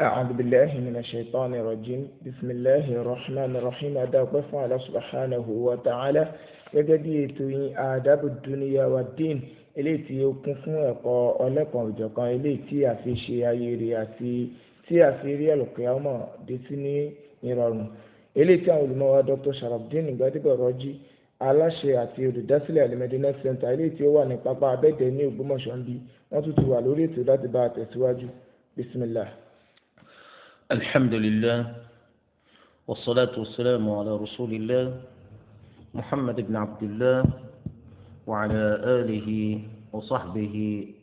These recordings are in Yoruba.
أعوذ بالله من الشيطان الرجيم بسم الله الرحمن الرحيم أداكم فعل سبحانه وتعالى gẹ́gẹ́ bí ètò yín àdábò dúníyà wa dín eléyìí tí ó kún fún ẹ̀kọ́ ọlẹ́kan òjọ̀kan eléyìí tí a fi ṣe ayé rẹ̀ àti tí a fi rí ẹ̀lùkẹ́ ọmọ dé sí ní ìrọ̀rùn eléyìí tí àwọn olùmọ̀ wa Dr. Sharafdin Gbadebo Rọ́jí aláṣẹ àti olùdásílẹ̀ alimẹ́dínà sẹ́ńtà eléyìí tí ó wà ní pápá abẹ́dẹ̀ ní Ògbómọ̀ṣọ́ ń bí wọ́n tún ti wà lórí ètò láti bá a tẹ̀síwájú bisimilah. الحمد لله والصلاة والسلام على رسول الله محمد بن عبد الله وعلى آله وصحبه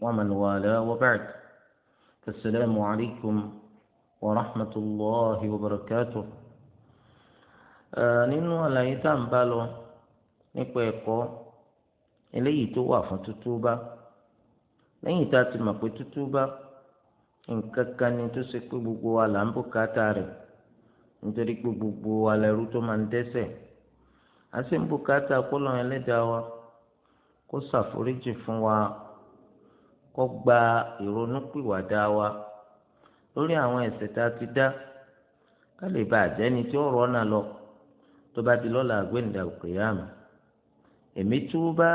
ومن والاه وبعد فالسلام عليكم ورحمة الله وبركاته nínú آه، على tá بالو ń bá lọ nípa ẹ̀kọ́ eléyìí تاتي ما fún tútúbá nǹkan kan ni tó ṣe pé gbogbo wa là ń bùkátà rẹ̀ nítorí pé gbogbo wa lẹ́rú tó máa ń dẹ́ṣẹ̀ a sì ń bùkátà kọ́lọ́n ẹlẹ́dàá wa kó ṣàforíjì fún wa kó gba ìrònúpìwàdà wa lórí àwọn ẹ̀ṣẹ̀ tá a ti dá ká lè bá àjẹni tí ó rọ́nà lọ tó bá di lọ́la àgbéǹda òkè yá mi èmi túbá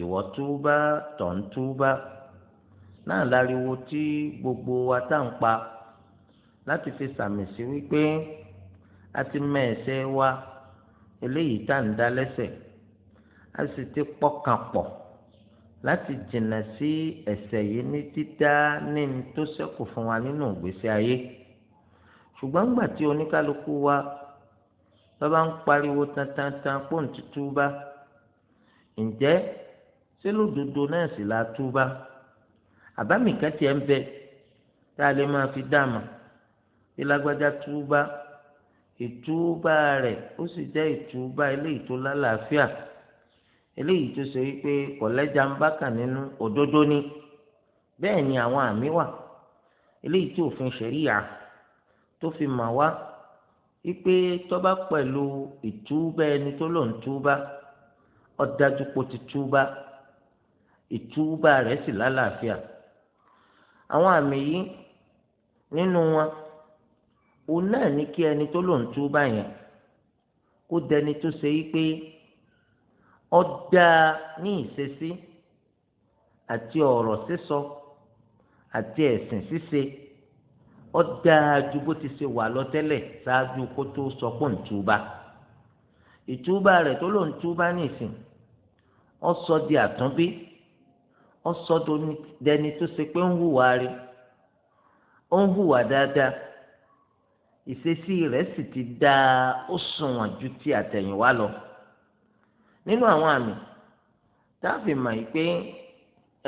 ìwọ túbá tọ̀ ń túbá náà láriwo tí gbogbo wa tá à ń pa láti fi sàmì sí wípé a ti mẹ ẹ̀ṣẹ̀ wa eléyìí tá à ń dá lẹ́ṣẹ̀ a sì ti pọkàn pọ̀ láti jìnnà sí ẹ̀ṣẹ̀ yìí ní dídá ní ní tó ṣẹ́kù fún wa nínú ìgbésí ayé ṣùgbọ́n ńgbà tí oníkálukú wa bàbá ń pariwo tantantan pọ́ùn títúbà ǹjẹ́ sílùdodo náà sì la túbà. Si àbámi kan tiẹ̀ ń bẹ tá a lè máa fi dáàmà bí lágbájá túbá ìtúbá rẹ̀ ó sì jẹ́ ìtúbá eléyìí tó lálàáfíà eléyìí tó ṣe wípé kọ̀lẹ́jà ń bákà nínú òdodo ni bẹ́ẹ̀ ni àwọn àmì wà eléyìí tí òfin ṣẹ̀ríyà tó fi mà wá wípé tọ́ba pẹ̀lú ìtúbá ẹni tó lò ń túbá ọ̀dájú kò ti túbá ìtúbá rẹ̀ sì lálàáfíà. Si àwọn àmì yìí nínú wọn òun náà ní kí ẹni tó lòun tú báyẹn kó dẹni tó ṣe yí pé ọdá ní ìṣesí àti ọ̀rọ̀ sísọ àti ẹ̀sìn ṣíṣe ọdá ju bó ti ṣe wà lọ tẹ́lẹ̀ ṣáájú kó tó sọ pé ń túbà ìtúbà rẹ̀ tó lòun túbà nìsín ó sọ di àtúnbí ọsọdọ dẹni tó ṣe pé ń hùwà rí ó ń hùwà dáadáa ìṣesí rẹ̀ sì ti dáa ó sunwọ̀n ju ti àtẹ̀yìnwá lọ nínú àwọn àmì táàfin mà yìí pé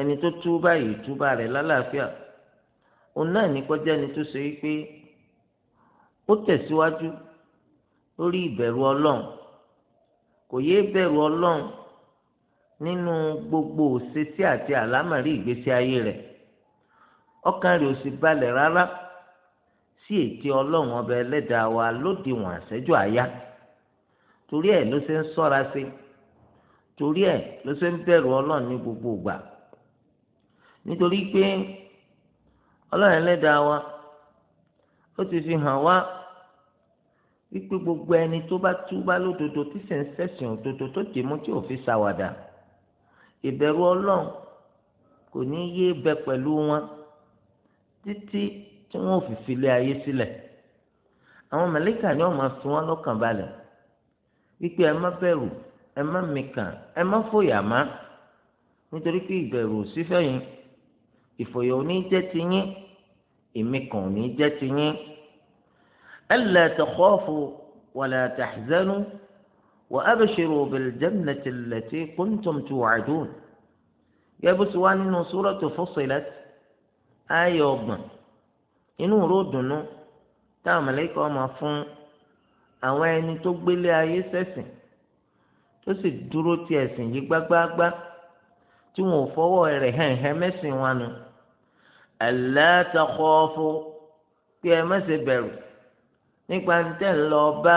ẹni tó túbà yìí túbà rẹ̀ lálàáfíà òun náà ní kọjá ẹni tó ṣe wípé ó tẹ̀síwájú lórí ìbẹ̀rù ọlọ́run kò yéé bẹ̀rù ọlọ́run nínú gbogbo òṣèṣì àti àlámọ̀rí ìgbésí ayé rẹ̀ ọkàn rẹ̀ ò sì balẹ̀ rárá sí ètí ọlọ́run ọba ẹlẹ́dàá wa lódiwọ̀n àṣẹ́jọ́ torí e ló ṣe ń sí torí e ló ṣe ń bẹ̀rù ọlọ́run ní gbogbo ìgbà nítorí pé ọlọ́run wa ó ti fi hàn wá gbogbo ẹni tó bá túbá lódodo tí sì ń ṣẹ̀sìn òdodo tó mú tí ò ìbẹ̀rù ọlọ́run kò ní yé bẹ pẹ̀lú wọn títí tí wọn ò fi filé ayé sílẹ̀ àwọn mẹ̀lẹ́kà ni wọ́n máa fi wọ́n lọ́kàn balẹ̀ wípé ẹ má bẹ̀rù ẹ má mikàn ẹ má fòyà má nítorí pé ìbẹ̀rù ò sí ìfòyà ò jẹ́ ti yín ìmikàn ò jẹ́ ti yín alla takhafu wala tahzanu. وأبشروا بالجنة التي كنتم توعدون يا بسوان سورة فصلت آية أبن inú ro dùnú táwọn mọ̀lẹ́kọ̀ máa fún àwọn ẹni tó gbélé ayé ṣẹ̀sìn tó sì dúró ti ẹ̀sìn yìí gbágbáágbá tí wọn ò fọwọ́ rẹ̀ hẹ̀hẹ̀ mẹ́sìn wọn nu Allah pé ẹ má ṣe nípa ní ń lọ bá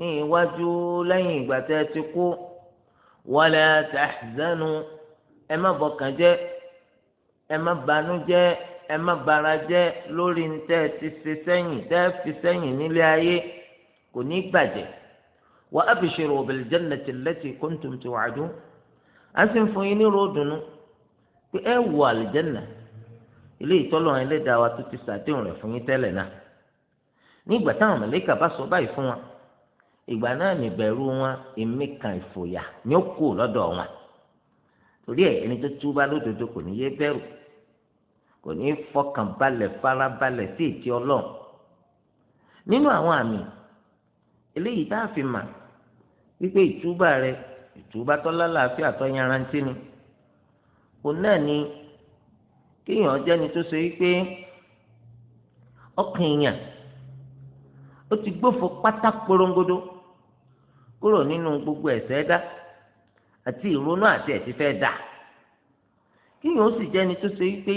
ní iwájú lẹ́yìn ìgbà tẹ́ ẹ ti kú wala tahzanu ẹ má bọkàn jẹ́ ẹ má banú jẹ́ ẹ má bara jẹ́ lórí tẹ́ ẹ ti ṣe sẹ́yìn tẹ́ ẹ fi sẹ́yìn nílé ayé kò ní gbàjẹ́ wa abshiru bil jannati allati kuntum tu'adun a sì ń fún yín ní ròdùnú pé ẹ wọ àlìjẹ́nà ilé ìtọ́lọ́run ẹlẹ́dàá wa tó ti ṣàdéhùn rẹ̀ fún yín tẹ́lẹ̀ náà nígbà táwọn mẹ̀lẹ́kà bá sọ báyìí fún wa ìgbà náà nìbẹ̀rù wọn ìmíkan ìfòyà ni ó kù lọ́dọ̀ wọn torí ẹ̀ ẹni tó túbá lódodo kò ní yé bẹ̀rù kò ní fọkàn balẹ̀ farabalẹ̀ sí ìtì ọlọ́run nínú àwọn àmì eléyìí tá a fi mà wípé ìtúbà rẹ ìtúbà tọ́lá làáfíà tó yanrantí ni òun náà ni kéèyàn jẹ́ni tó ṣe wípé ọkàn èèyàn ó ti gbófo pátá porongodo kúrò nínú gbogbo ẹ̀ṣẹ̀ dá àti ìrònú àti ẹ̀sìn fẹ́ dà kíyàn ó sì jẹ́ni tó ṣe wípé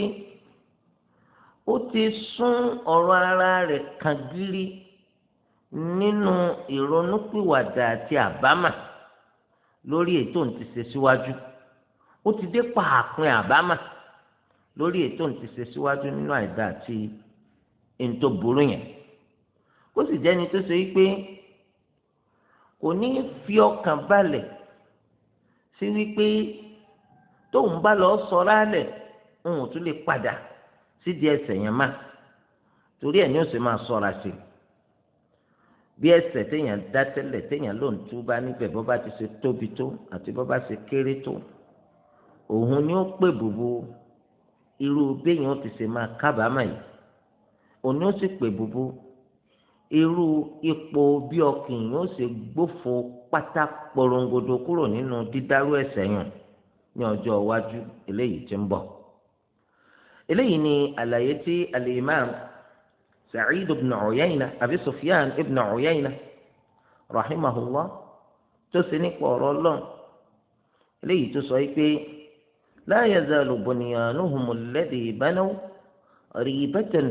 ó ti sún ọ̀rọ̀ ara rẹ̀ kan gírí nínú ìrònúpìwàdà àti àbámà lórí ètò ń ti ṣe síwájú ó ti dé pàápín àbámà lórí ètò ń ti ṣe síwájú nínú àìdá àti ètò burú yẹn kó sì jẹ́ni tó ṣe wípé kò ní fi ọkàn balẹ̀ sí wípé tóun bá lọ sọ̀rọ̀ alẹ̀ òun ò tún lè padà sídìí ẹsẹ̀ yẹn má torí ẹ̀ ní òsè máa sọ̀ra sí bí ẹsẹ̀ téèyàn dá tẹ́lẹ̀ téèyàn ló ń túbá níbẹ̀ bó bá ti ṣe tóbi tó àti bó bá ṣe kéré tó òun ni ó pè bùbù irú béèyàn ti ṣe máa kábàámà yìí òun ni ó sì pè bùbù irú ipò bí ọkùnrin yóò ṣe gbófo pátá porongodo kúrò nínú dídárú ẹ̀ṣẹ̀ yàn ní ọjọ́ iwájú eléyìí ń eléyìí ni àlàyé tí Sa'id ibn Uyayna àbí Sufyan ibn Uyayna rahimahullah tó ṣe nípa ọ̀rọ̀ Ọlọ́run eléyìí tó sọ pé la yazalu bunyanuhum alladhi banaw ribatan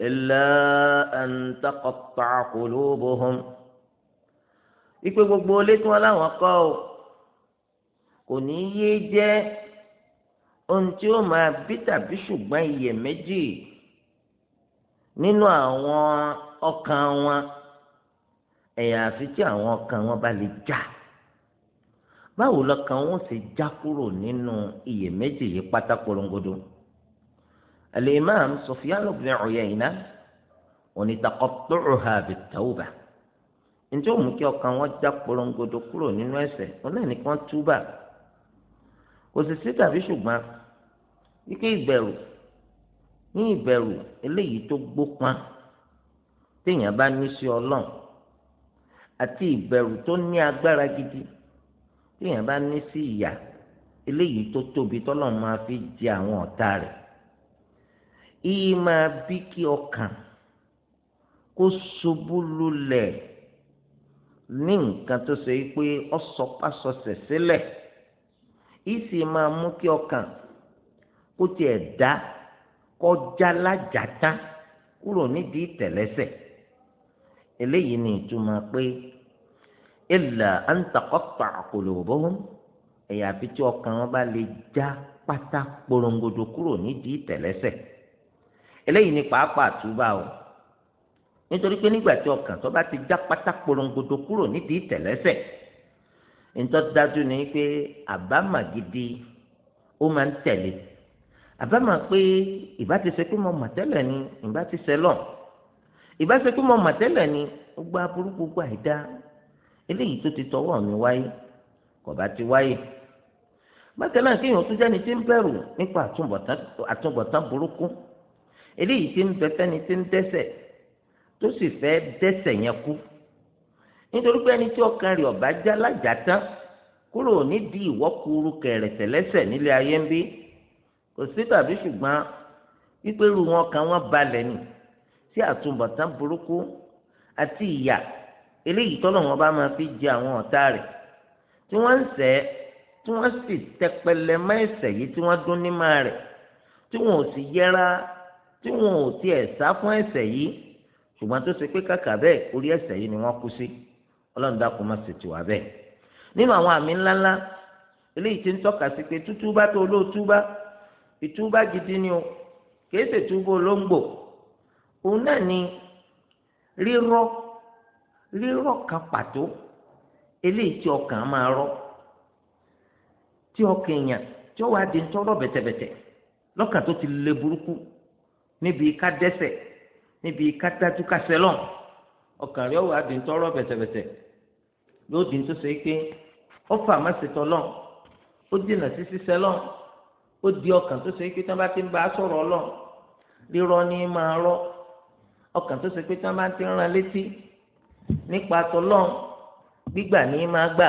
إلا أن تقطع قلوبهم. ìpè gbogbo ilé tí wọ́n láwọn kọ́ ọ kò ní yé jẹ́ ohun tí ó máa bí tàbí ṣùgbọ́n iyèméjì nínú àwọn ọkàn wọn ẹ̀yà àfi tí àwọn ọkàn wọn bá lè já báwo lọkàn wọn ṣe já kúrò nínú iyèméjì yìí pátákó rongodo al-imam Sufyan ibn Uyayna onítàkọ́tọ̀ọ̀hà bìtàwùbà njẹ́ òun kí ọkàn wọn já porongodo kúrò nínú ẹ̀ṣẹ̀ wọn náà nìkan túbà kò sì sí tàbí ṣùgbọ́n wípé ìbẹ̀rù ní ìbẹ̀rù eléyìí tó gbópọn téèyàn bá ní sí ọlọ́run àti ìbẹ̀rù tó ní agbára gidi téèyàn bá ní sí ìyà eléyìí tó tóbi tọ́lọ́run máa fi jẹ àwọn ọ̀tá rẹ̀ ìyí máa bí kí ọkàn kó ṣubú lulẹ̀ ní nǹkan tó ṣe pé ọ̀sọ̀pásọsẹ̀ sílẹ̀ ìyí sì máa mú kí ọkàn kó tiẹ̀ dá kọjá lájàtá kúrò nídìí tẹ̀lẹ́sẹ̀ eléyìí ni ìtumọ̀ pé illa an taqatta'a qulubuhum ẹ̀yà àfi tí ọkàn wọn bá lè já pátá porongodo kúrò nídìí tẹ̀lẹ́sẹ̀ eléyìí ni pàápàá túbà o nítorí pé nígbà tí ọkàn tó bá ti já pátá porongodo kúrò nídìí ìtẹ̀lẹ́sẹ̀ ntọ́ ni pé àbámà gidi ó máa ń tẹ̀lé àbámà pé ìbá ti ṣe pé mo mà tẹ́lẹ̀ ni ìbá ti ṣe lọ ìbá ṣe pé mo mà tẹ́lẹ̀ ni ó gba burúkú gba ìdá eléyìí tó ti tọwọ́ mi wáyé kò bá ti wáyé bákan náà kéèyàn tún jẹ́ni tí ń bẹ̀rù nípa àtúbọ̀tán burúkú eléyìí tí ń bẹ fẹ́ni tí ń dẹ́ṣẹ̀ tó sì fẹ́ dẹ́ṣẹ̀ yẹn kú nítorí pé ẹni tí ọkàn rẹ̀ ọ̀bá já lájà tán kúrò nídìí ìwọ́kuru kẹrẹ̀sẹ̀lẹ́sẹ̀ nílé ayé ń bí kò sí tàbí ṣùgbọ́n wípé wọn kan wọn balẹ̀ ni sí àtúbọ̀tán burúkú àti ìyà eléyìí tọ́lọ̀ wọn bá máa fi jẹ àwọn ọ̀tá rẹ̀ tí wọ́n ń ṣẹ̀ tí wọ́n sì tẹpẹlẹ mọ́ yìí tí wọ́n dún ní máa rẹ̀ tí wọn ò sì yẹra tí wọn ò tiẹ̀ sá fún ẹ̀ṣẹ̀ yìí ṣùgbọ́n tó ṣe pé kàkà bẹ́ẹ̀ orí ẹ̀ṣẹ̀ yìí ni wọ́n kú sí ọlọ́run dákun má ṣe tiwa bẹ́ẹ̀ nínú àwọn àmì ńláńlá eléyìí ti ń tọ́ka sí pé tútúbá tó olóòtúbá ìtúbá gidi ni o kìí ṣe túbá olóńgbò òun náà ni rírọ́ rírọ́ kan pàtó eléyìí tí ọkàn máa rọ́ tí ọkàn èèyàn tí ó wá di ń tọ́rọ̀ bẹ̀tẹ̀bẹ̀tẹ̀ lọ́kàn tó ti le burúkú níbi ká dẹ́ṣẹ̀ níbi ká dájú ká sẹlọ ọkàn rẹ ọwọ àdìntọrọ bẹtẹbẹtẹ yóò di tó ṣe pé ó fà má ṣètò lọ ó dènà sí ṣiṣẹ lọ ó di ọkàn tó ṣe pé tí wọn bá ti ń bá a sọ̀rọ̀ lọ rírọ ní máa rọ ọkàn tó ṣe pé tí wọn bá ti ń ran létí nípa tọlọ gbígbà ní máa gbà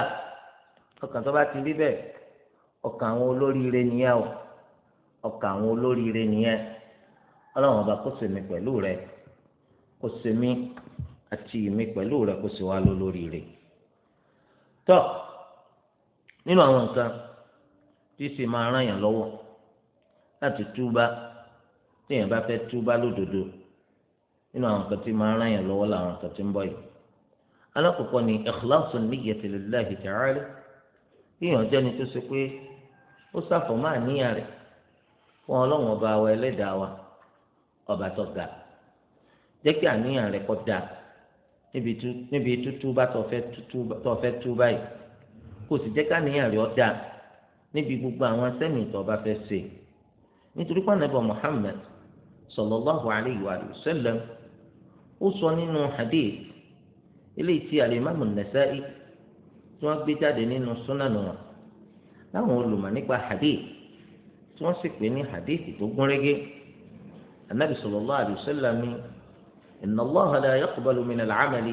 ọkàn tó bá ti rí bẹ́ẹ̀ ọkàn àwọn olóríire nìyẹn o ọkàn àwọn olóríire nìyẹn ọlọ́run ọba kó sèmi pẹ̀lú rẹ kó sèmi àti mi pẹ̀lú rẹ kó sì wá lọ lórí rẹ tọ́ nínú àwọn nǹkan tí sì máa ràn yàn lọ́wọ́ láti túbá téèyàn bá fẹ́ túbá lódodo nínú àwọn nǹkan tí máa ràn yàn lọ́wọ́ làwọn nǹkan tí ń bọ̀ yìí alákọ̀ọ́kọ́ ni ikhlasu niyyati lillahi ta'ala kéèyàn jẹ́ni tó ṣe pé ó sáfọ̀ máa níyà rẹ̀ fún ọlọ́run ọba wa ẹlẹ́dàá wa ọba tó ga jẹ́ kí àníyàn rẹ kọ́ da níbi tútú bá tó fẹ́ tú báyìí kò sì jẹ́ káníyàn rẹ ọ́ da níbi gbogbo àwọn sẹ́mi tó bá fẹ́ ṣe nítorí pé ànábì Muhammad sallallahu alayhi wa sallam ó sọ nínú hadith eléyìí tí alimami Nasa'i tí wọ́n gbé jáde nínú súnánù wọn láwọn olùmọ̀ nípa hadith tí wọ́n sì pè ní hadith tó gúnrégé. النبي صلى الله عليه وسلم إن الله لا يقبل من العمل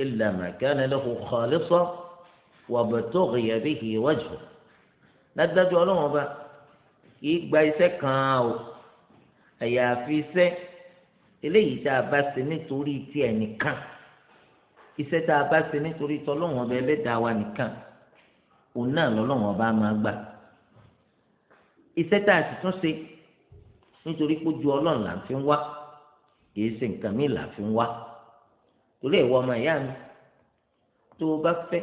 إلا ما كان له خالصا وابتغي به وجهه dájúdájú ọlọ́run ọba kìí gba iṣẹ́ kan o àyàfi iṣẹ́ eléyìí tá a bá ṣe nítorí ti ẹ̀ nìkan iṣẹ́ tá a bá ṣe nítorí tọ́lọ́run ọba ẹlẹ́dàá wa nìkan òun náà lọ́lọ́run ọba máa gbà iṣẹ́ tá a sì tún ṣe nítorí pé ojú ọlọ́run là ń fi wá kìí ṣe nǹkan míì là ń fi wá torí ẹ̀wọ́ ọmọ ìyá mi tó o bá fẹ́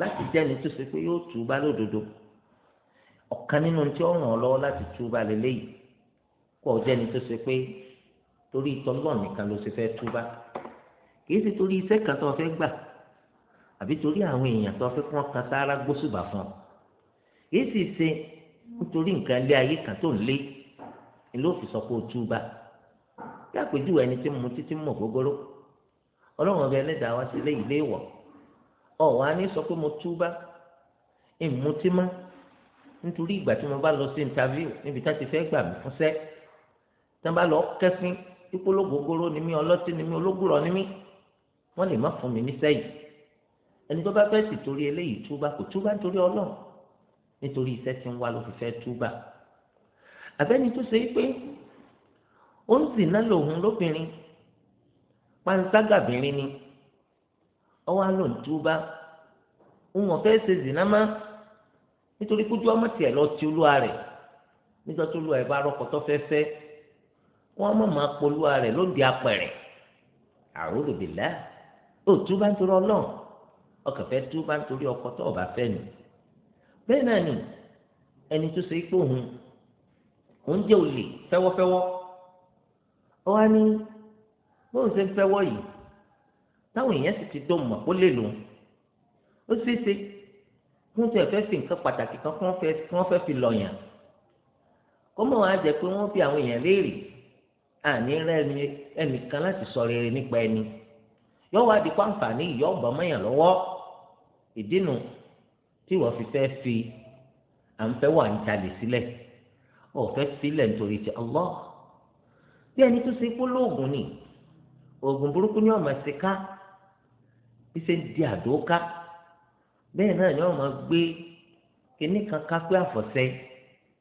láti jẹ́ni tó ṣe pé yóò túbá lódodo ọ̀kan nínú tí ó ràn ọ́ lọ́wọ́ láti túbá lélẹ́yìí kó o jẹ́ni tó ṣe pé torí ìtọ́lọ́ nìkan ló ṣe fẹ́ túbá kìí ṣe torí iṣẹ́ kan tó o fẹ́ gbà àbí torí àwọn èèyàn tó o fẹ́ kí wọ́n kan sáárá gbóṣùbà fún ọ kìí sì ṣe nítorí nǹkan lé ayé kan tó ń lé ni ló fi sọ pé o túba bí àpèjúwe ẹni tí mo títí mọ̀ gbogbooro ọlọ́run ọba ẹlẹ́dàá wá sí ilé ilé ìwọ̀ ọ̀ wá sọ pé mo túba ìmútímọ́ nítorí ìgbà tí mo bá lọ sí interview níbi tá ti fẹ́ gbà mí fúnṣẹ́ tí wọ́n bá lọ kẹ́sìn ìpológógóró ni mí ọlọ́tí ni mí ológùrọ̀ ni mí wọ́n lè má fún mi níṣẹ́ yìí ẹni tó bá fẹ́ sì torí eléyìí túba kò túba nítorí ọlọ́run nítorí iṣẹ́ tí ń wá ló fi fẹ́ túba àbẹ́ni tó ṣe pé ó ń zìnà lòun lóbìnrin panṣágàbìnrin ni ọwọ́ àlọ́ ń túbá òun ọ̀fẹ́ ṣe zìnà má nítorí kójú ọmọ tiẹ̀ lọ ti olúwa rẹ̀ nígbà tó olúwa ẹ̀ bá rọ́kọ̀ tó fẹ́ fẹ́ wọ́n mọ̀ máa polúwa rẹ̀ lóde apẹ̀rẹ̀ àròrò bìlá ó túbá ń torí ọlọ́run ọkàn fẹ́ túbá ń torí ọkọ tó ọba fẹ́ ni bẹ́ẹ̀ náà ni ẹni tó ṣe pé òun òun jẹ́ olè fẹ́wọ́fẹ́wọ́ ó wá ní bóun ṣe ń fẹ́wọ́ yìí táwọn èèyàn sì ti dó mọ̀ kó lè lò ó ṣeé ṣe fún tí ẹ fẹ́ fi nǹkan pàtàkì kan kí wọ́n fẹ́ fi lọ̀yàn kó mọ̀ wá jẹ́ pé wọ́n fi àwọn èèyàn léèrè àní rẹ́ni ẹnìkan láti sọ rere nípa ẹni yóò wá di kó àǹfààní ìyọ́ ọ̀bọ̀ mọ́yàn lọ́wọ́ ìdínú tí wọ́n fi fẹ́ fi à ń fẹ́ wà ń jalè sílẹ̀. Si ọ̀fẹ́ sílẹ̀ nítorí ti Allah bí ẹni tó ṣe kó lóògùn ni oògùn burúkú ni ọmọ ẹsẹ ká bí ṣe ń di àdó ká bẹ́ẹ̀ náà ni ọmọ gbé kíní kan ká pé àfọ̀sẹ́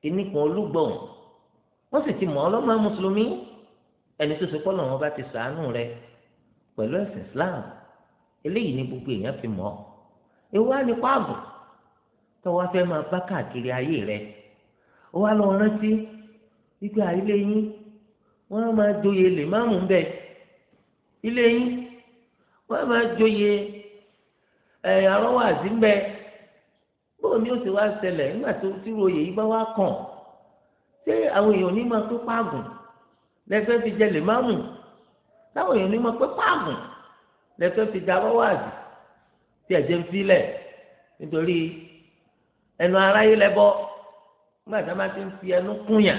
kíní kan olúgbọ̀n wọ́n sì ti mọ̀ ọ́ mùsùlùmí ẹni tó ṣe kọ́ lọ́wọ́ bá ti sàánú rẹ pẹ̀lú ẹ̀sìn Islam eléyìí ni gbogbo èèyàn fi mọ̀ ọ́ ewu á ní pààbò fẹ́ máa bá káàkiri ayé ó wá lọ rántí wípé àìlè yín wọ́n á máa joyè lè má mú bẹ́ẹ̀ ilé yín wọ́n á máa joyè ẹ̀ arọ́wọ́ àti bẹ́ẹ̀ bóò ni ó ti wá ṣẹlẹ̀ nígbà tó tí royè yìí bá wá kàn ṣé àwọn èèyàn ní máa pé páàgùn lẹ́fẹ́ fi jẹ lè má mú táwọn èèyàn ní máa pé páàgùn lẹ́fẹ́ fi da arọ́wọ́ àti tí ẹ̀jẹ̀ ń filẹ̀ nítorí ẹnu aráyé lẹ́bọ̀ọ́. ma tí a ti ń fi ẹnu kúnyà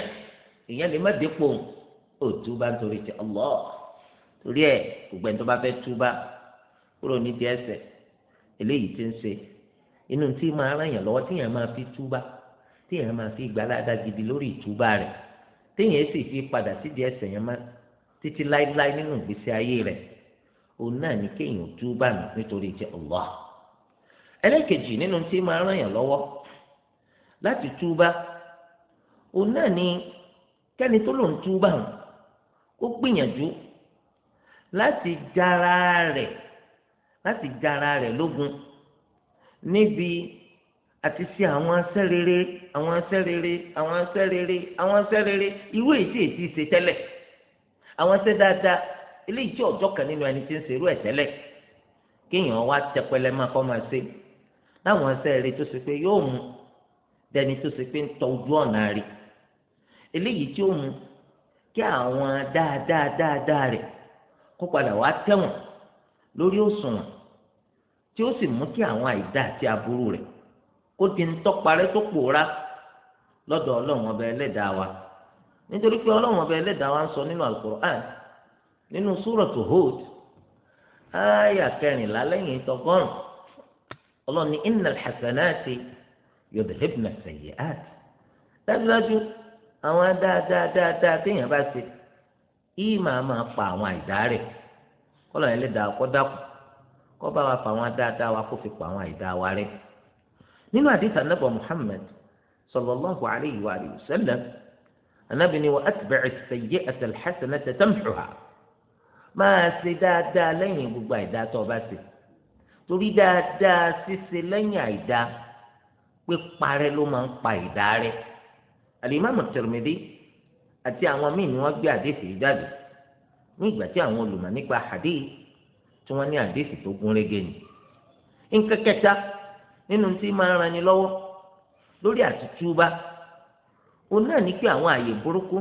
èèyàn lè má dépò òtúbá nítorí ti Allah torí ẹ gbogbo ẹni tó bá fẹ́ túbá kúrò nídìí ẹ̀ṣẹ̀ eléyìí ti ń ṣe inú tí ma ràn yàn lọ́wọ́ tíyàn fi túbá tíyàn máa fi gbalada gidi lórí ìtúbá rẹ̀ téèyàn sì fi padà sídìí ẹ̀ṣẹ̀ yẹn má títí láéláé nínú ìgbésí ayé rẹ̀ òun náà ní kéèyàn túbá nù nítorí ti ẹlẹ́kejì nínú tí yàn lọ́wọ́ láti òun náà ni kẹ́ni tó lòun túbà hàn ó gbìyànjú láti jara rẹ̀ láti jara rẹ̀ lógun níbi àti ṣe àwọn asẹ́ rere àwọn asẹ́ rere àwọn asẹ́ rere àwọn asẹ́ rere irú èyí tí èyí ti ṣe tẹ́lẹ̀ àwọn asẹ́ dáadáa eléyìí tí ọjọ́ kan nínú ẹni tí ń ṣerú ẹ̀ tẹ́lẹ̀ kéèyàn wá tẹpẹlẹ máa kọ́ máa ṣe láwọn asẹ́ tó ṣe pé yóò mú dẹni tó ṣe pé ń tọ ojú ọ̀nà rí eléyìí tí ó mu kí àwọn dáadáa dáadáa rẹ̀ kó padà wá tẹ̀wọ̀n lórí òṣùwọ̀n tí ó sì mú kí àwọn àìdá àti aburú rẹ̀ kó di ń tọ́parẹ́ tó pòórá lọ́dọ̀ ọlọ́run ọba ẹlẹ́dàá wa nítorí pé ọlọ́run ọba ẹlẹ́dàá wa ń sọ nínú Al-Qur'an nínú Suratu Hud ááyà kẹrìnlá lẹ́yìn ìtọ́gọ́rùn ní hasanati àwọn dáadáa dáadáa téèyàn bá ṣe yìí máa máa pa àwọn àìdá rẹ̀ kọlọ yẹn lè dà kọ dàkú kọ bá wa pa àwọn dáadáa wa kó fi pa àwọn àìdá wa rẹ̀. nínú àdìsí anábọ Muhammad sallallahu alayhi wa sallam anábì ni wa atbi'i as-sayyi'ata al-hasanata tamhuha máa ṣe dáadáa lẹ́yìn gbogbo àìdá tó o bá ṣe torí dáadáa ṣíṣe lẹ́yìn àìdá pé parẹ́ ló máa ń pa àìdá rẹ̀ alimami Tirmidhi àti àwọn míì ni wọ́n gbé àdéhùn yìí jáde ní ìgbà tí àwọn olùmọ̀ nípa hadith tí wọ́n ní àdéhùn tó gún régé ni nǹkan kẹta nínú tí máa ran ni lọ́wọ́ lórí àtútúbá òun náà ní pé àwọn àyè burúkú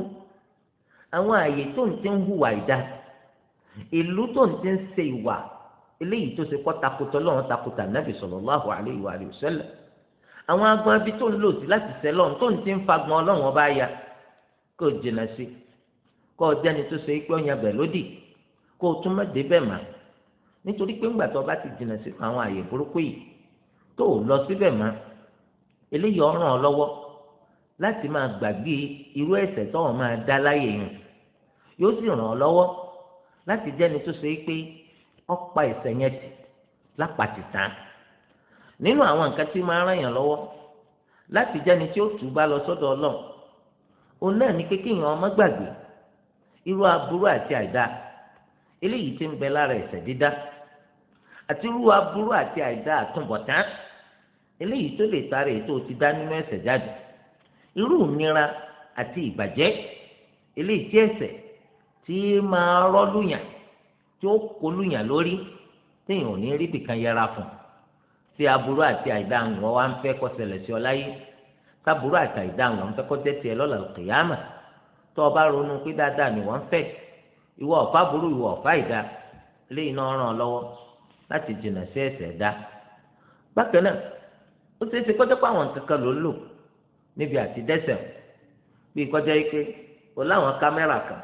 àwọn àyè tó ń ti ń hùwà ìdá ìlú tó ń ti ń ṣe ìwà eléyìí tó ṣe kọ́ takotọ́ lọ́wọ́ takotà nàbì sallallahu alaihi wa sallam àwọn agbọn abí tó ń lò sí láti sẹ́ lọ́run tó ń ti ń fagbọn ọlọ́run ọba ya kó o jìnnà sí kó o jẹ́ni tó ṣe pé ọ̀yàn bẹ̀ lódì kó o tún má dé bẹ̀ mà nítorí pé ńgbà tó o bá ti jìnnà sí àwọn àyè burúkú yìí tó o lọ síbẹ̀ mà eléyìí ọ̀ràn ọ lọ́wọ́ láti máa gbàgbé irú ẹ̀ṣẹ̀ tó wọn máa dá láyè yẹn yóò sì ràn ọ lọ́wọ́ láti jẹ́ni tó ṣe pé ọ̀pá ẹ̀ṣẹ̀ yẹn lápàtì tán nínú àwọn nǹkan tí máa ràn yàn lọ́wọ́ láti jẹ́ni tí ó tù bá lọ sọ́dọ̀ ọlọ́run òun náà ní kékeré ọmọ gbàgbé irú aburú àti àìdá eléyìí tí ń bẹ lára ẹ̀ṣẹ̀ dídá àti irú aburú àti àìdá àtúbọ̀tán eléyìí tó lè tara ètò ti dá nínú ẹ̀ṣẹ̀ jáde irú ìnira àti ìbàjẹ́ eléyìí tí ẹ̀ṣẹ̀ tí máa rọ́lùyàn tí ó kọlùyàn lórí téèyàn ò ní rí bìkan yẹra fún un tí aburú àti àìdáhùn wọn wá ń fẹ́ kó ṣẹlẹ̀ sí ọ láyé táburú àti àìdáhùn wọn ń fẹ́ kó jẹ́ tiẹ̀ lọ́la kìyàmà tó o bá ronú pé dáadáa ni wọ́n ń fẹ́ ìwọ ọ̀fà burú ìwọ ọ̀fà ìdá léyìn náà ràn ọ́ lọ́wọ́ láti jìnnà sí ẹ̀ṣẹ̀ dá bákan náà ó ṣeé ṣe kọjá pé àwọn kankan ló ń lò níbi àti dẹ́ṣẹ̀ bí kọjá yìí pé o láwọn kámẹ́rà kan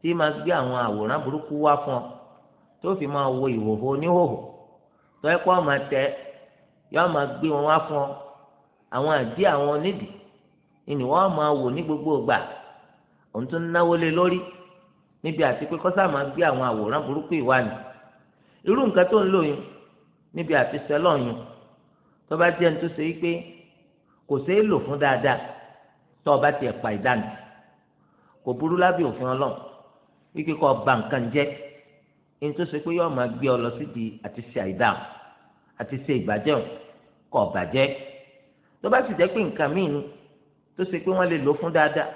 tí máa gbé àwọn àwòrán burúkú wá fún ọ tó fi máa wo ìhòhò oníhòhò tó ẹ kọ́ máa tẹ yọ máa gbé wọn wá fún ọ àwọn àdí àwọn onídìí ni wọ́n máa wò ní gbogbo ìgbà òun tún náwó lé lórí níbi àti pé kọ́sà máa gbé àwọn àwòrán burúkú ìwà ni irú nǹkan tó ń lò yun níbi àti sẹ́lọ̀ yun tó bá jẹ́ ní tó ṣe wípé kò ṣeé lò fún dáadáa tó o bá tiẹ̀ pa ìdánù kò burú lábẹ́ òfin ọlọ́run wípé kó o nǹkan jẹ́ ní tó ṣe pé yóò máa gbé ọ lọ sídìí àti ṣe àìdáhùn àti ṣe ìbàjẹ́ ò kọ̀ bàjẹ́ tó bá sì jẹ́ pé nǹkan míì ni tó ṣe pé wọ́n lè lò fún dáadáa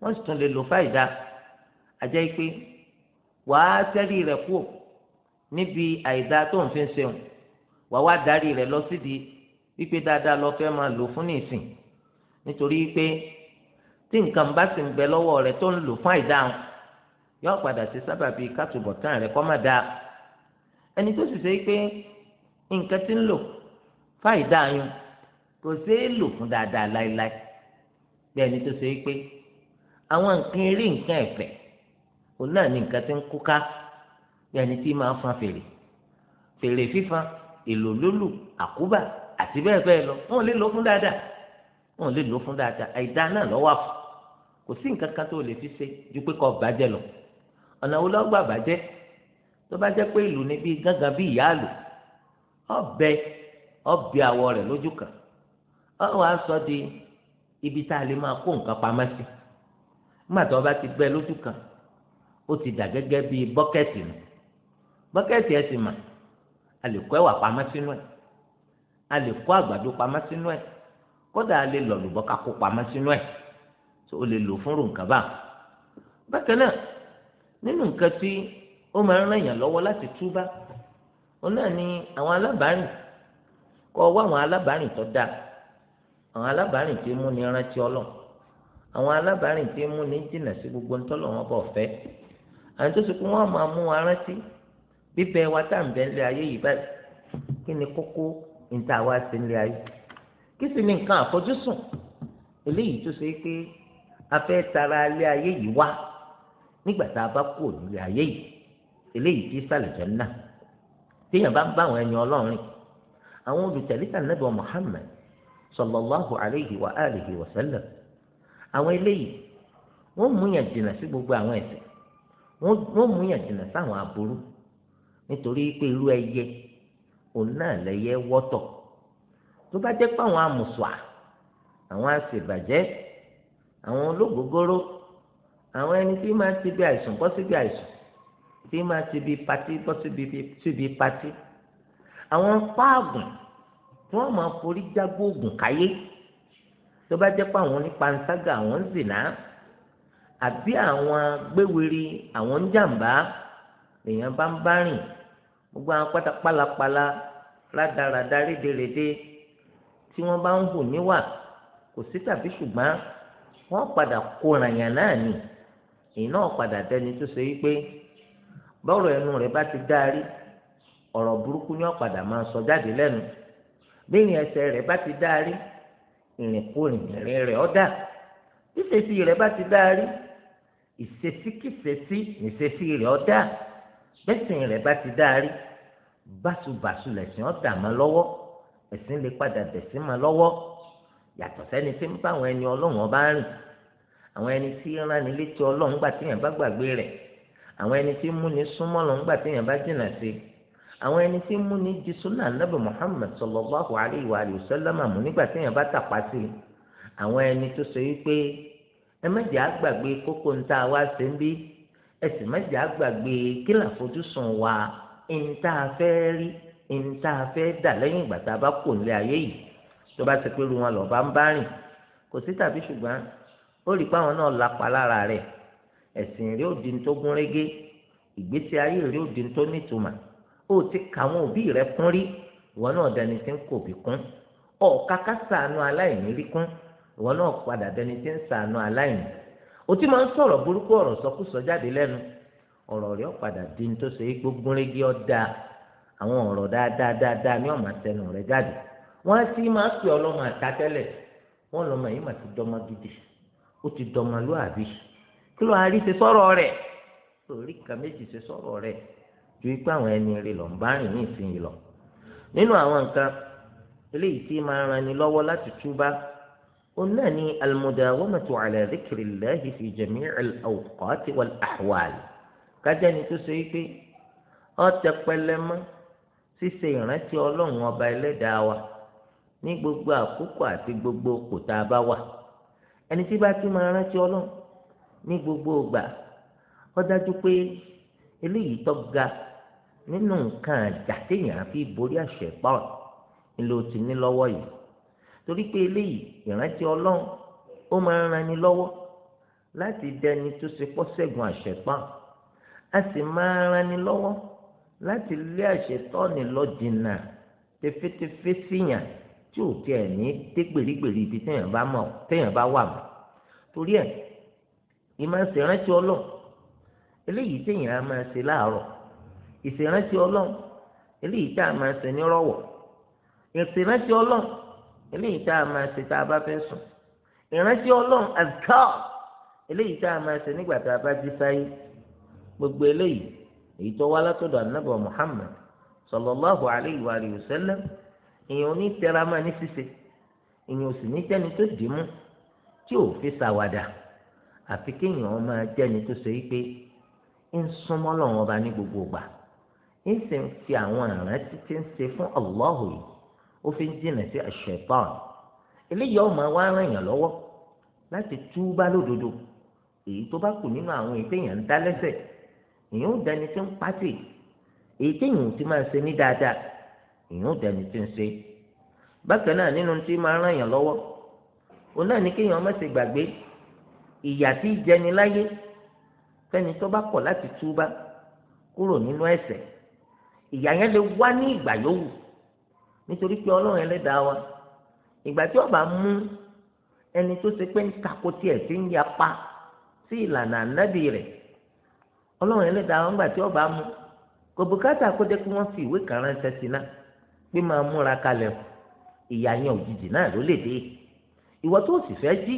wọ́n sì tún lè lò fáìdá àjẹ́ pé wàá sẹ́rí rẹ̀ kú níbi àìdá tó ń fi ń ṣeun wàá wá darí rẹ̀ lọ sídìí wípé dáadáa lọ fẹ́ máa lò fún nìsín nítorí pé tí nǹkan bá sì ń bẹ lọ́wọ́ rẹ̀ tó ń lò fún àìdá wọn yóò padà sí sábàbí kátùbọ̀tán rẹ̀ kọ́ má dáa ẹni tó sì ṣe pé nǹkan tí ń lò fáìdá yun kò ṣeé lò fún dáadáa láéláé bí ẹni tó ṣe é pé àwọn nǹkan eré nǹkan ẹ̀fẹ̀ òun náà ni nǹkan tí ń kú ká bí ẹni tí máa fa fèrè fèrè fífa èlò lólù àkúbà àti bẹ́ẹ̀ bẹ́ẹ̀ lọ wọn ò lè lò fún dáadáa wọn ò lè lò fún dáadáa àìdá náà lọ́wọ́ àfọ̀ kò sí nǹkan kan tó lè fi ṣe ju pé kó bàjẹ́ lọ ọ̀nà wo lọ́gbà bàjẹ́ tó bá jẹ́ pé ìlú ni bíi gángan bíi ìyá àlò ọbẹ ọbẹ̀ àwọ̀ rẹ̀ lójú kan ọwọ asọ di ibi tá a lè máa kó nǹkan pamọ́ sí nígbà tí ti gbẹ lójú kan ó ti dà gẹ́gẹ́ bíi bọ́kẹ́tì nù bọ́kẹ́tì ẹ̀ sì mà a lè kọ ẹ̀wà pamọ́ sínú ẹ̀ a lè kọ àgbàdo pamọ́ sínú ẹ̀ kódà a lè lọ lùbọ́ kakó pamọ́ sínú ẹ̀ tó o lè lò fún nǹkan bá bákan náà nínú nǹkan tí ó máa ń ràn yàn lọ́wọ́ láti túbá. òun náà ni àwọn alábàárìn kọ́ wá àwọn alábàárìn tó dáa àwọn alábàárìn tí mú ni rántí ọlọ́run àwọn alábàárìn tí mú ni jìnnà sí gbogbo ntọ́lọ̀ wọn bọ̀ fẹ́ àwọn tó sọkún wọn máa mú wa rántí bíbẹ wa tá à ń bẹ ń lé ayé yìí báyìí kí ni kókó níta wa sí ń lé ayé kí sì ni nǹkan àfojúsùn eléyìí tó ṣe pé a fẹ́ tara lé ayé yìí wá nígbà tá a bá kú òní lé ayé yìí eléyìí tí sàlẹ̀ jẹ́ náà téèyàn bá ń bá àwọn ẹni ọlọ́run rìn àwọn olùtẹ̀lítà nẹ́bọ̀ Muhammad sallallahu alayhi wa alihi wa sallam àwọn eléyìí wọ́n mú yàn jìnnà sí gbogbo àwọn ẹ̀ṣẹ̀ wọ́n mú yàn jìnnà sáwọn aburú nítorí pé irú ẹyẹ òun náà lẹyẹ wọ́tọ̀ tó bá jẹ́ pé àwọn amùsùà àwọn àṣebàjẹ́ àwọn ológógóró àwọn ẹni tí máa ti bí àìsàn kọ́ sí bí àìsàn tí máa ti bi pati bọ́ sí bi pati àwọn fáàgùn tí wọ́n máa forí jágbóògùn káyé tó bá jẹ́ pé àwọn onípanṣágà àwọn ń zìnà àbí àwọn gbéwèrè àwọn ń jàǹbá èèyàn bá ń bá rìn gbogbo àwọn pátá pálapàla rádaràda rédeèrèdè tí wọ́n bá ń hù níwà kò sí tàbí ṣùgbọ́n wọ́n padà kóra yàn náà nì èyí padà dẹni tó ṣe wípé bọ́ọ̀rọ̀ ẹnu rẹ̀ bá ti dárí ọ̀rọ̀ burúkú ni ọ̀padà máa sọ jáde lẹ́nu bí ìrìn ẹsẹ̀ rẹ̀ bá ti dárí ìrìnkúrìn ìrìn rẹ̀ ọ̀dà ìṣesí rẹ̀ bá ti dárí ìṣesíkìṣesí ìṣesí rẹ̀ ọ̀dà bẹ́sìn rẹ̀ bá ti dárí báṣubàṣu lẹ̀sìn ọ̀dà máa lọ́wọ́ ẹ̀sìn lè padà bẹ̀sìn máa lọ́wọ́ yàtọ̀ sẹ́ni tí ń bá àwọn ẹni ọlọ́run ọba rìn àwọn ẹni tí ń rán ọlọ́run gbà tí yẹn bá gbàgbé rẹ̀ àwọn ẹni tí múni súnmọ́ lọ ńgbà téèyàn bá jìnnà sí àwọn ẹni tí múni di súnà nàbì Muhammad sallallahu alayhi wa sallam mú nígbà téèyàn bá tàpá sí àwọn ẹni tó sọ wípé ẹ má jẹ́ àgbàgbé kókó ń tá a wá ṣe ń bí ẹ sì má jẹ́ àgbàgbé kí làfojúsùn wa ń tá a fẹ́ rí ń tá a fẹ́ dà lẹ́yìn ìgbà tá a bá kò nílé ayé yìí tó bá ṣe pé irú wọn lọ́ọ́ bá ń bá rìn kò sí tàbí ṣùgbọ́n ó rí pé àwọn náà lápá lára rẹ̀ ẹ̀sìn rí òdi tó gún régé ìgbésí ayé rí òdi tó nítumà ó ti kà wọn òbí rẹ kún rí ìwọ náà dẹni tí ń kò bí kún ọ̀ọ́káká ṣàánú aláìní rí kún ìwọ náà padà dẹni tí ń ṣàánú aláìní ó ti máa ń sọ̀rọ̀ burúkú ọ̀rọ̀ sọkúsọ jáde lẹ́nu ọ̀rọ̀ rẹ̀ padà di ní tó ṣe é gbógun régé ọ̀dà àwọn ọ̀rọ̀ dáadáa dáadáa ní ọ̀mà tẹnu rẹ̀ jáde wọ́n á sì máa pè ọlọ́mọ àtàtẹ́lẹ̀ wọ́n lọ́mọ yìí mà ti dọ́mọ gidi ó ti dọ́mọ lóàbí kí ló àárí ṣe sọ̀rọ̀ rẹ̀ lórí kan méjì ṣe sọ̀rọ̀ rẹ̀ ju ipá àwọn ẹni rẹ̀ lọ ń bá rìn ní ìsinyìí lọ nínú àwọn nǹkan eléyìí tí máa ran ni lọ́wọ́ láti túbá òun náà ni almudawamatu ala dhikrillahi fi jami'il awqati wal ahwal kájá ni tó ṣe é pé ó tẹpẹlẹ ṣíṣe ìrántí Ọlọ́run ọba Ẹlẹ́dàá wa ní gbogbo àkókò àti gbogbo kòtà bá wà ẹni tí bá ti máa rántí Ọlọ́run ní gbogbo ìgbà ó dájú pé eléyìí tó ga nínú nǹkan àjà téèyàn fi borí àṣẹ pọ́ọ̀ ńlọ ti ní lọ́wọ́ yìí torí pé eléyìí ìrántí ọlọ́run ó máa ń rani lọ́wọ́ láti dẹni tó ṣe pọ́ ṣẹ́gun àṣẹ pọ́ọ̀ a sì máa ń rani lọ́wọ́ láti lé àṣẹ tọ́ọ̀nì lọ dènà tẹfẹ́tẹfẹ́ síyàn tí ò tiẹ̀ ní dé gbèrígbèrí ibi téèyàn bá wà mọ́ torí ẹ̀ ìmọ̀ ṣèrántí ọlọ́run eléyìí téèyàn á máa ṣe láàárọ̀ ìṣèrántí ọlọ́run eléyìí tá a máa ṣe nírọ̀wọ̀ ìṣèrántí ọlọ́run eléyìí tá a máa ṣe tá a bá fẹ́ sùn ìrántí ọlọ́run àdìkọ́ eléyìí tá a máa ṣe nígbà tá a bá jí sáyé gbogbo eléyìí èyí tó wá látọ̀dọ̀ anábọ̀ Muhammad sallallahu alayhi wa sallam èèyàn ní tẹramá ní ṣíṣe èèyàn ò sì ní tẹni tó dì í mú tí ò fi ṣàwàdà àfi kéèyàn máa jẹ́ni tó ṣe wípé ń súnmọ́ lọ́wọ́n ọba ní gbogbo ìgbà ń sì ń fi àwọn ìrántí tí ń ṣe fún Allahu yìí ó fi ń jìnà sí àṣẹ̀tàn eléyìí ọmọ wa ń ràn yàn lọ́wọ́ láti túbá lódodo èyí tó bá kù nínú àwọn ìpéyàn ń dá lẹ́sẹ̀ èyí ó dẹni tí ń pàṣẹ èyí téèyàn ò ti máa ṣe ní dáadáa èyí ó dẹni tí ń ṣe bákan náà nínú tí máa ràn yàn lọ́wọ́ ìyà tí jẹni láyé fẹ́ni tó bá kọ̀ láti túbá kúrò nínú ẹ̀ṣẹ̀ ìyà yẹn lè wá ní ìgbà yòówù nítorí pé Ọlọ́run Ẹlẹ́dàá wa ìgbà tí ó bá mú ẹni tó ṣe pé ń takò tiẹ̀ tí ń pa sí ìlànà ànábì rẹ ọlọrun wa ńgbà tí mú kí fi ìwé kan sí náà pé máa múra ìyà yẹn òjijì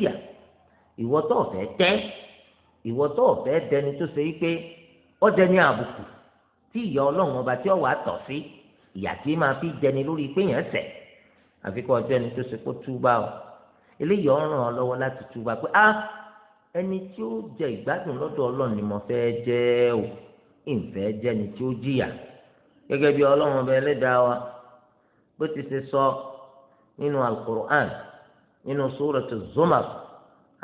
ìwọ tó ọ̀fẹ́ tẹ́ ìwọ tó ọ̀fẹ́ dẹni tó ṣe wípé ó dẹni àbùkù tí ìyà ọlọ́run ọba tí ó wàá tọ̀ sí ìyà tí máa fi jẹni lórí pé yẹn ṣẹ̀ àfikún ọjọ́ ẹni tó ṣe kó túbà o eléyìí ọ̀ràn ọ lọ́wọ́ láti túbà pé a ah, ẹni tí ó jẹ ìgbádùn lọ́dọ̀ ọlọ́run ni mo fẹ́ jẹ́ o ìfẹ́ jẹ́ ni tí ó jìyà gẹ́gẹ́ bí ọlọ́run ọba ẹlẹ́dàá wa bó ti ṣe sọ nínú al-Qur'an nínú Suratu Zumar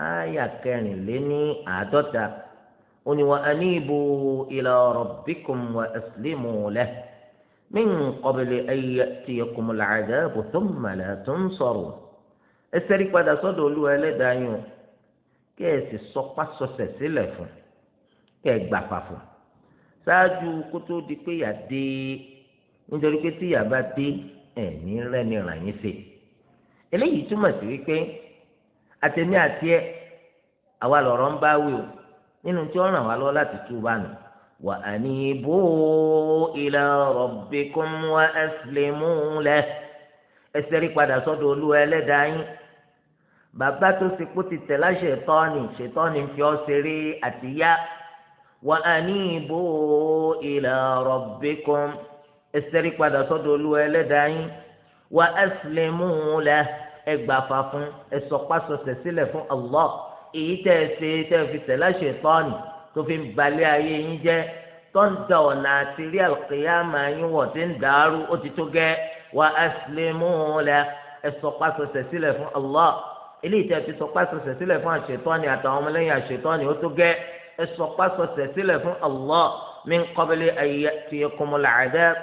áyà kẹrìnléní àádọ́ta ó ní wa aníbu ila rabbikum wa aslimu lahu min qabli an ya'tiyakumul adhabu thumma la tunsarun ẹ ṣẹ́rí padà sọ́dọ̀ olúwa ẹlẹ́dàá yín kẹ́ ẹ sì sọpasọsẹ̀ sílẹ̀ fún kẹ́ ẹ fún ṣáájú kó di pé yà dé nítorí pé tíyà bá dé ẹ̀ ní rẹ́ni ràn yín ṣe eléyìí túmọ̀ sí wípé àtẹmí àti ẹ àwa lọ̀rọ̀ ń bá wí o nínú tí ó ràn wá lọ láti tú bá nù wa anibu ila rabbikum wa aslimu lahu ẹ ṣẹ́rí padà sọ́dọ̀ Olúwa Ẹlẹ́dàá yín bàbá tó ti kú ti tẹ̀lá ṣètọ́ni ṣètọ́ni fi ọ́ ṣeré àtìyá wa anibu ila rabbikum ẹ ṣẹ́rí padà sọ́dọ̀ Olúwa Ẹlẹ́dàá yín wa aslimu lahu ẹ gbàfà fún ẹ sọpasọsẹ sílẹ̀ fún Allah èyí tẹ́ ẹ ṣe tẹ́ ẹ fi tẹ̀lé ṣètọ́ọ̀nì tó fi ń balẹ̀ ayé yín jẹ́ tó ń da ọ̀nà àti rí àlùkìyàmà yín wọ̀ tí ń dàrú ó ti tó gẹ́ wa aslimu la ẹ sọpasọsẹ sílẹ̀ fún Allah eléyìí tẹ́ ẹ fi sọpasọsẹ sílẹ̀ fún àṣetọ́ọ̀nì àtàwọn ọmọlẹ́yìn àṣetọ́ọ̀nì ó tó gẹ́ ẹ sọpasọsẹ sílẹ̀ fún Allah min qabli an ya'tiyakumul 'adab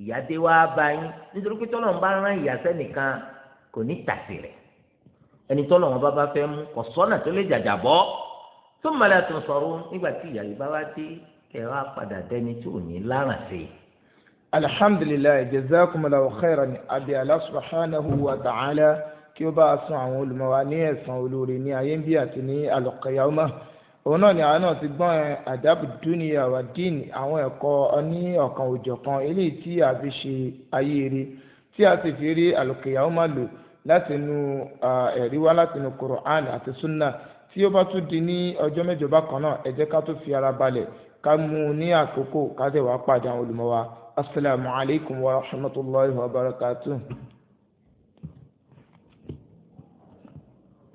ìyáde wa bá yín nítorí pé tọ́lọ̀ ń bá rán ìyá sẹ́nìkan kò ní tàsí rẹ̀ ẹni tọ́lọ̀ wọn bá bá fẹ́ mú kò sọ́nà tó lè jàjà bọ́ tó mọ̀lẹ́ tó sọ̀rọ̀ nígbà tí ìyá yìí bá wá dé kẹ́ wá padà dẹni tí ò ní láràn sí i. alhamdulilayi jazakumullahu khairan abi Allah subhanahu wa ta'ala kí ó bá a san àwọn olùmọ̀ ní ẹ̀san olóore ní ayé bí àti ní al-qiyamah òun náà ni àwọn náà ti gbọ́n àdábù eh, dúnìyà wà díìnì àwọn ẹ̀kọ́ ní ọ̀kan òjọ̀kan eléyìí tí a fi ṣe ayé rí tí a sì fi rí àlùkìyàwó máa lò láti nu ẹ̀rí wá láti nu Qur'an àti sunna tí ó bá tún di ní ọjọ́ mẹ́jọ bákan náà ẹ ká tó fi ara balẹ̀ ká mú un ní àkókò ká tẹ̀ wá pàdé àwọn olùmọ̀ wa asalaamualeykum wa rahmatulahi wa barakatuh.